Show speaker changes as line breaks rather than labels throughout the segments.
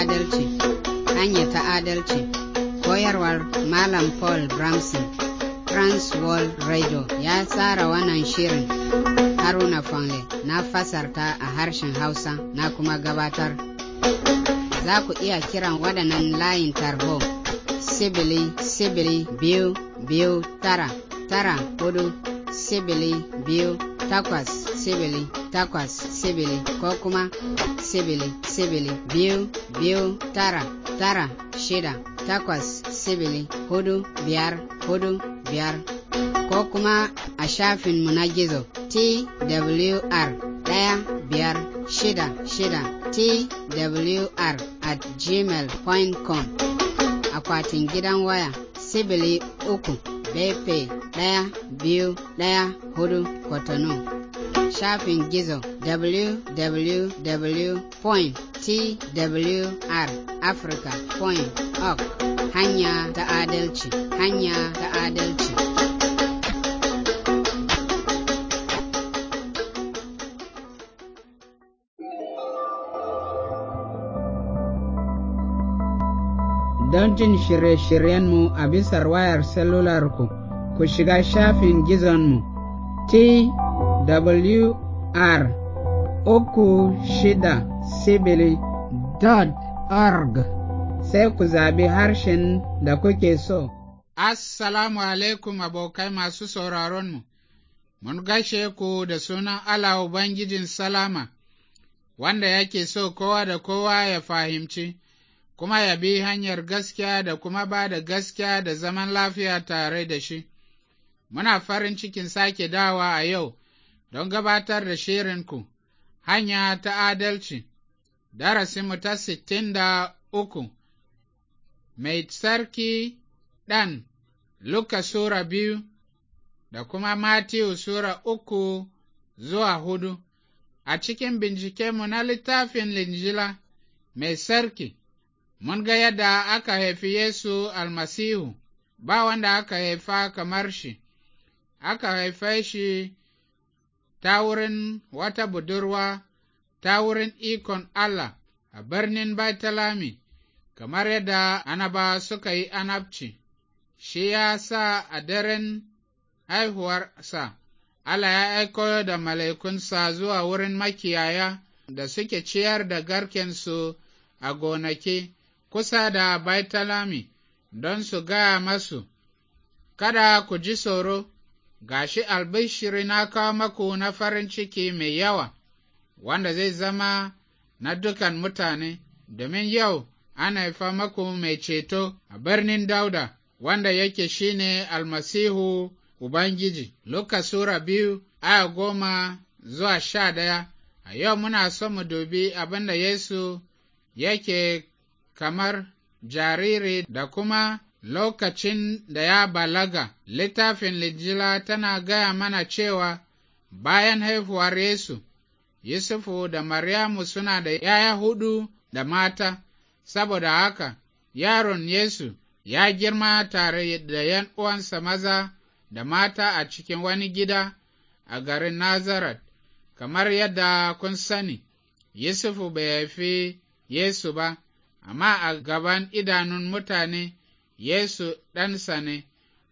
adalci hanya ta adalci koyarwar malam paul bramson trans world radio ya tsara wannan shirin haruna fanle na fasarta a harshen hausa na kuma gabatar za ku iya kiran waɗannan layin tarho sibili sibili biyu biyu tara tara hudu sibili biyu takwas sibili takwas sibili ko kuma sibili sibili biyu biyu tara tara shida takwas sibili hudu biyar hudu biyar ko kuma a mu na gizo twr ɗaya biyar shida shida twr at gmail.com akwatin gidan waya sibili uku bepe ɗaya biyu ɗaya hudu kotonu shafin gizo www.twrafrica.org hanya ta adalci hanya ta adalci
Don jin shirye-shiryenmu a bisar wayar ku ku shiga shafin gizonmu t WR uku shida sibili dot org sai ku zaɓi harshen da kuke so. Assalamu alaikum abokai masu sauraronmu, mun gashe ku da sunan Allah Ubangijin Salama, wanda yake so kowa da kowa ya fahimci, kuma ya bi hanyar gaskiya da kuma ba da gaskiya da zaman lafiya tare da shi. Muna farin cikin sake dawa a yau. don gabatar da shirinku, hanya ta adalci, darasinmu ta sittin da uku, mai sarki ɗan Luka Sura biyu da kuma Matiyu Sura uku zuwa hudu, a cikin mu na littafin linjila mai sarki, mun ga yadda aka haifi Yesu almasihu, ba wanda aka haifa kamar shi, aka haifa shi ta wurin wata budurwa ta wurin ikon Allah a birnin Baitalami, kamar yadda anaba suka yi anabci, shi ya sa a daren haihuwarsa, Allah ya aiko da mala'ikunsa zuwa wurin makiyaya da suke ciyar da garkensu a gonaki kusa da Baitalami don su gaya masu, Kada ku ji tsoro, gashi albishiri na kawo maku na farin ciki mai yawa, wanda zai zama na dukan mutane, domin yau ana haifa maku mai ceto a birnin Dauda, wanda yake shine almasihu Ubangiji, Luka Sura biyu, aya goma zuwa sha ɗaya, a yau muna so mu dubi abin da Yesu yake kamar jariri da kuma lokacin da ya balaga, littafin Lijila tana gaya mana cewa bayan haihuwar Yesu, Yusufu da Maryamu suna da ’ya'ya hudu da mata, saboda haka yaron Yesu ya girma tare da ’yan uwansa maza da mata a cikin wani gida a garin Nazaret, kamar yadda kun sani, Yusufu bai haifi Yesu ba, amma a gaban idanun mutane Yesu ɗansa ne,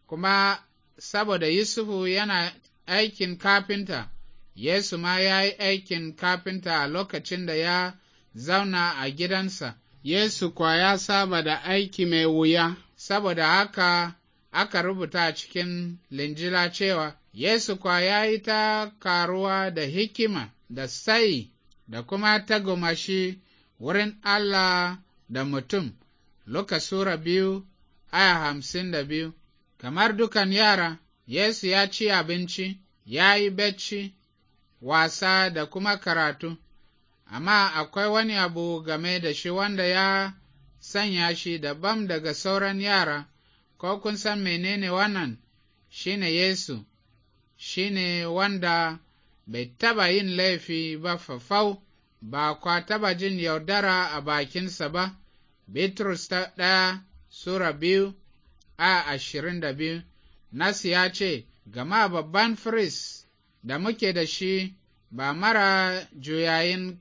kuma saboda Yusufu yana aikin kafinta, Yesu ma ya yi aikin kafinta a lokacin da ya zauna a gidansa, Yesu kwa ya saba da aiki mai wuya, saboda haka aka rubuta cikin linjila cewa, Yesu kwa ya yi ta karuwa da hikima da sai da kuma tagomashi wurin Allah da mutum, Luka Sura biyu aya hamsin da biyu kamar dukan yara yesu ya ci abinci ya yi bacci wasa da kuma karatu amma akwai wani abu game da shi wanda ya sanya shi dabam daga sauran yara ko kun san menene wannan Shi ne yesu Shi ne wanda bai taba yin laifi ba fafau ba kwa taba jin yaudara a bakinsa ba Bitrus ta ɗaya Sura biyu a ashirin da biyu, Nasi ya ce, Gama babban firis da muke da shi ba mara juyayin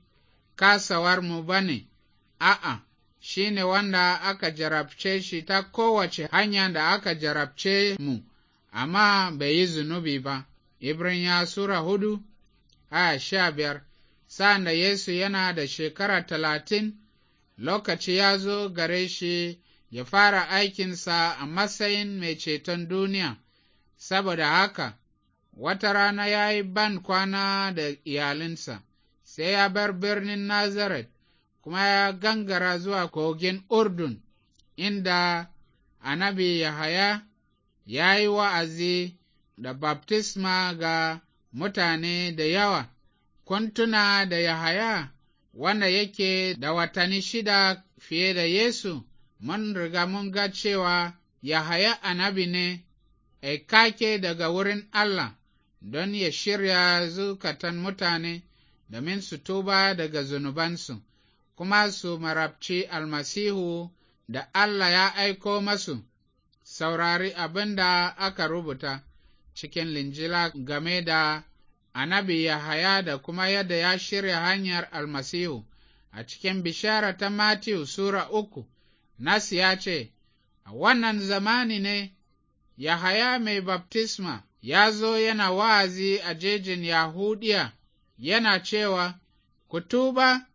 kasawarmu ba ne, a'a, shi ne wanda aka jarabce shi ta kowace hanya da aka jarabce mu, amma bai yi zunubi ba. Ibrahim Sura hudu a sha biyar sa'an da Yesu yana da shekara talatin, lokaci ya zo gare shi ya fara aikinsa a matsayin mai ceton duniya, saboda haka, wata rana ya yi ban kwana da iyalinsa, sai ya bar birnin Nazaret kuma ya gangara zuwa kogin Urdun, inda annabi Yahaya ya yi wa'azi da baptisma ga mutane da yawa, kuntuna da Yahaya wanda yake da watanni shida fiye da Yesu. mun riga mun ga cewa Yahaya Anabi ne, aikake daga wurin Allah don ya shirya zukatan mutane domin su tuba daga zunubansu, kuma su marabci almasihu da Allah ya aiko masu, saurari abin da aka rubuta cikin linjila game da annabi Yahaya da kuma yadda ya shirya hanyar almasihu a cikin bishara ta Matiyu Sura uku. Nasi ya ce, A wannan zamani ne, Yahaya mai baftisma ya zo yana wa'azi a jejin Yahudiya, yana cewa, Ku tuba,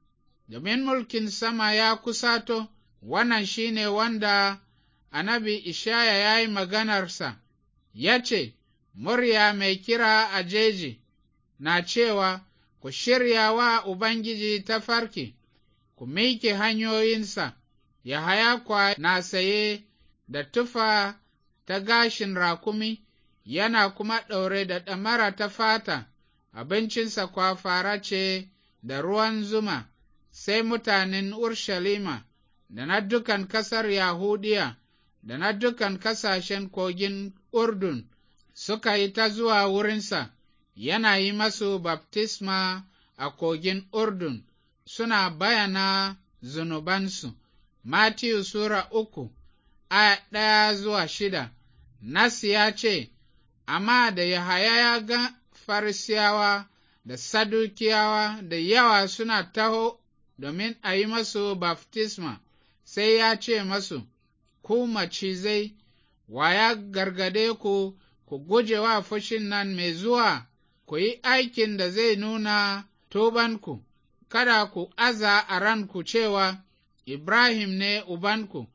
domin mulkin sama ya kusato, wannan shi ne wanda annabi Ishaya ya yi maganarsa, ya ce, Murya mai kira a jeji, na cewa, Ku shirya wa Ubangiji tafarki, ku miƙe hanyoyinsa, Yahaya kwa na saye da tufa ta gashin rakumi, yana kuma ɗaure da ɗamara ta fata, abincinsa kwa fara ce da ruwan zuma, sai mutanen Urshalima da na dukan ƙasar Yahudiya da na dukan ƙasashen kogin Urdun suka yi ta zuwa wurinsa, yana yi masu baptisma a kogin Urdun, suna bayana zunubansu. Matiyu Sura uku, aya ɗaya zuwa shida, Nasi ya ce, Amma da Yahaya ya ga Farisiyawa da Sadukiyawa da yawa suna taho domin a yi masu baftisma, sai ya ce masu, Ku macizai, wa ya gargade ku ku guje wa fushin nan mai zuwa, ku yi aikin da zai nuna tubanku, kada ku aza a ranku cewa Ibrahim ne ubanku,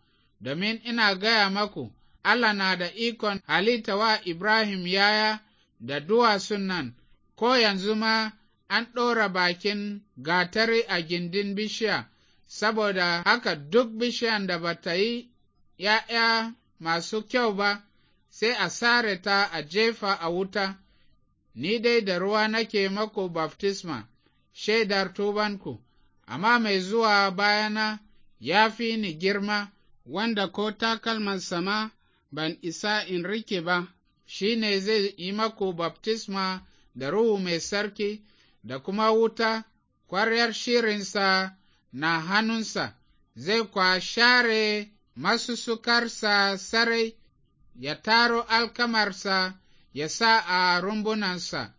domin ina gaya maku, Allah na da ikon halitta wa Ibrahim yaya da duwatsun nan, ko yanzu ma an ɗora bakin gatari a gindin bishiya, saboda haka duk bishiyan da ba ta yi ’ya'ya masu kyau ba, sai a sare ta a jefa a wuta, ni dai da ruwa nake mako baftisma, shaidar tubanku, amma mai zuwa bayana ya fi ni girma wanda ko takalmansa ma ban isa in rike ba, shi ne zai yi maku baptisma da Ruhu Mai Sarki da kuma wuta, kwaryar shirinsa na hannunsa, zai kwa share masu sukarsa sarai, ya taro alkamarsa ya sa a rumbunansa,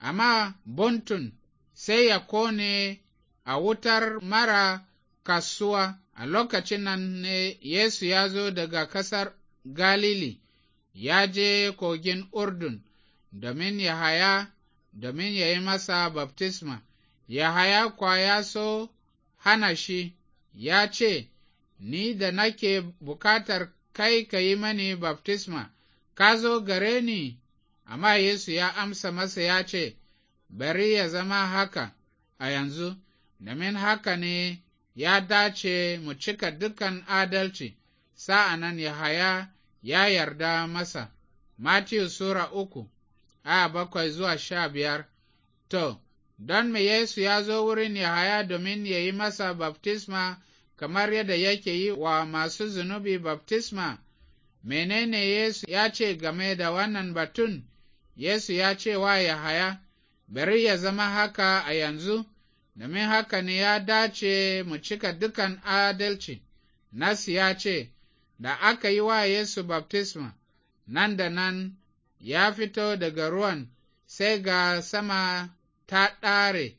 amma buntun sai ya kone a wutar mara kasuwa, a lokacin nan ne Yesu ya zo daga ƙasar Galili, ya je kogin Urdun domin ya haya, domin ya yi masa baftisma, ya haya kwa ya so hana shi, ya ce, Ni da nake bukatar kai ka yi mani baftisma, ka zo gare ni, amma Yesu ya amsa masa ya ce, Bari ya zama haka a yanzu, domin haka ne ya dace mu cika dukan adalci, Sa'a nan Yahaya ya yarda masa, Matiyu Sura uku, a bakwai zuwa sha biyar, to, don me Yesu ya zo wurin Yahaya domin ya yi masa Baptisma kamar yadda yake yi wa masu zunubi Baptisma? menene Yesu ya ce game da wannan batun, Yesu ya ce wa Yahaya, bari ya zama haka a yanzu, domin haka ne ya dace mu cika dukan adalci, Nasi ya ce, da aka yi wa Yesu baptisma? nan da nan ya fito daga ruwan sai ga sama ta ɗare,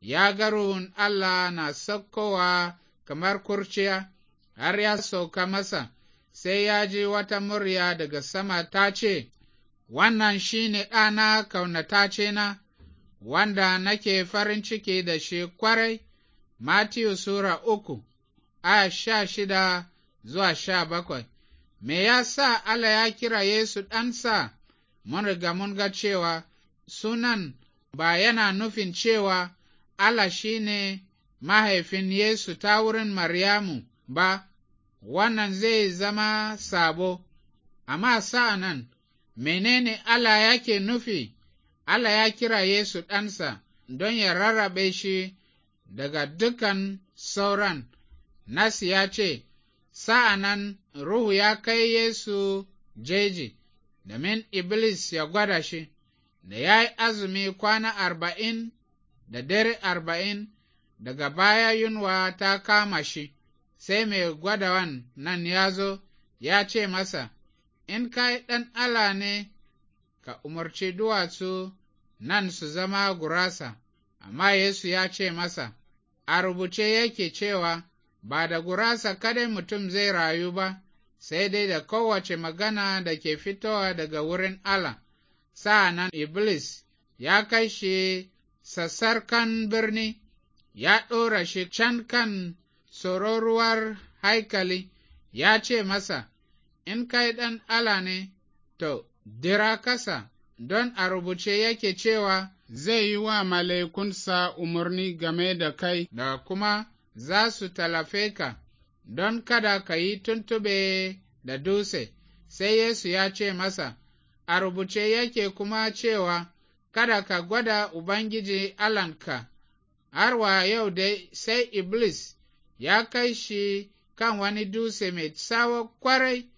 ya ga ruhun Allah na saukowa kamar kurciya, har ya sauka masa, sai ya ji wata murya daga sama ta ce, Wannan shi ne ɗana ce na, wanda nake farin ciki da shi kwarai, Matiyu Sura uku, a sha shida zuwa sha bakwai. Me ya sa Allah ya kira Yesu ɗansa, mun riga mun ga cewa sunan ba yana nufin cewa Allah shi ne mahaifin Yesu ta wurin Maryamu ba, wannan zai zama sabo, amma sa'an nan, menene Allah yake nufi Allah ya kira Yesu ɗansa don ya rarrabe shi daga dukan sauran, Nasi ya ce, Sa'a nan Ruhu ya kai Yesu jeji, domin Iblis ya gwada shi, da ya yi azumi kwana arba'in da dare arba'in, daga baya yunwa ta kama shi, sai mai gwadawan nan ya zo, ya ce masa, In kai ɗan Allah ne, ka umarci duwatsu nan su zama gurasa, amma Yesu ya ce masa, A rubuce yake cewa, Ba da gurasa kadai mutum zai rayu ba, sai dai da kowace magana da ke fitowa daga wurin Allah, nan Iblis ya kai shi sassarkan birni, ya ɗora shi can kan sororuwar haikali, ya ce masa, In kai ɗan Allah ne, to, Dira kasa, don a rubuce yake cewa zai yi wa mala'ikunsa umarni game da kai da kuma za su talafe ka, don kada ka yi tuntube da dutse, sai Yesu ya ce masa, A rubuce yake kuma cewa, Kada ka gwada Ubangiji Allahnka, har wa yau dai sai Iblis ya kai shi kan wani dutse mai tsawo kwarai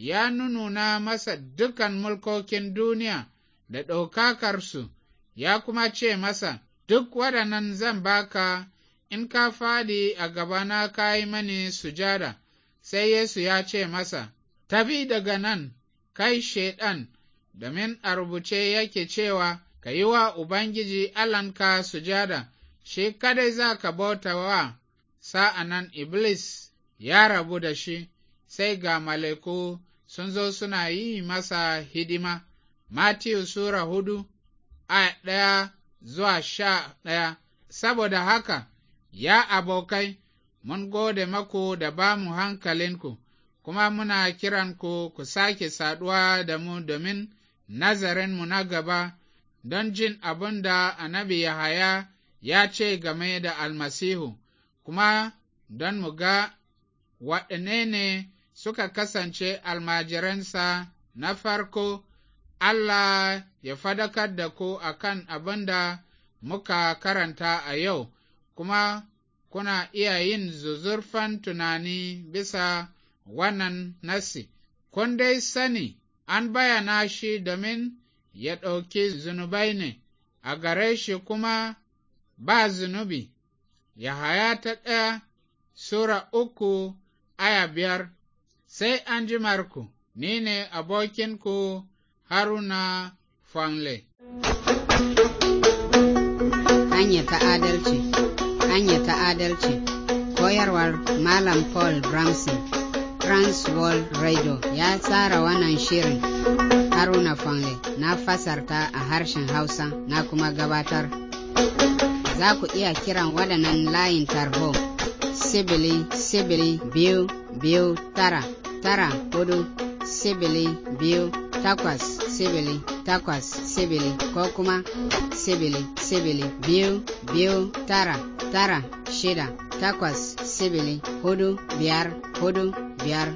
ya nununa masa dukan mulkokin duniya da ɗaukakarsu, ya kuma ce masa, Duk waɗannan zan baka in ka faɗi a gabana ka yi mani sujada, sai Yesu ya ce masa, Tabi daga nan, kai Shaiɗan, domin a rubuce yake cewa, Ka yi wa Ubangiji Allahnka sujada, shi kadai za ka bauta wa, sa'an nan Iblis ya rabu da shi, sai ga maleku sun zo suna yi masa hidima, Matiyu Sura hudu, a ɗaya zuwa sha ɗaya, saboda haka, ya abokai, mun gode maku da ba mu hankalinku, kuma muna kiranku ku sake saduwa da mu domin nazarin mu na gaba don jin abin da annabi Yahaya ya ce game da almasihu, kuma don mu ga waɗanne ne suka kasance almajiransa na farko, Allah ya fadakar da ku a kan abin da muka karanta a yau, kuma kuna iya yin zuzurfan tunani bisa wannan nasi. Kun dai sani an bayyana shi domin ya ɗauki zunubai ne, a gare shi kuma ba zunubi, Yahaya ta ɗaya Sura uku aya biyar Sai an ji Marku, ni ne abokinku Haruna Fangle.
Hanya ta adalci, hanya ta adalci, koyarwar Malam Paul Bramson, Transworld Radio ya tsara wannan shirin. Haruna Fangle na fasarta a harshen Hausa na kuma gabatar. Za ku iya kiran waɗannan layin tarho, sibili, sibili, biyu, biyu, tara. tara hudu sibili biyu takwas sibili takwas sibili ko kuma sibili sibili biyu biyu tara tara shida takwas sibili hudu biyar hudu biyar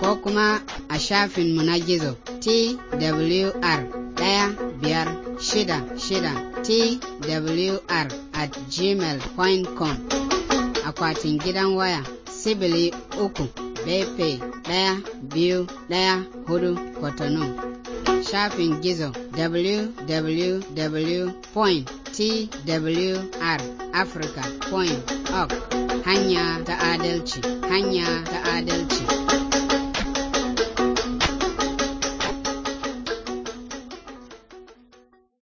ko kuma a shafin mu na gizo twr ɗaya biyar shida shida twr at gmail.com akwatin gidan waya sibili uku fefe ɗaya biyu ɗaya hudu kotonu Shafin gizo www.twrafrica.org hanya ta adalci, hanya ta adalci.